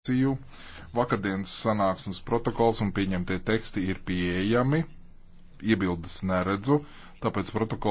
diskusiju. Vakardienas sanāksmes protokols un pieņemtie teksti ir pieejami. Iebildes neredzu, tāpēc protokols.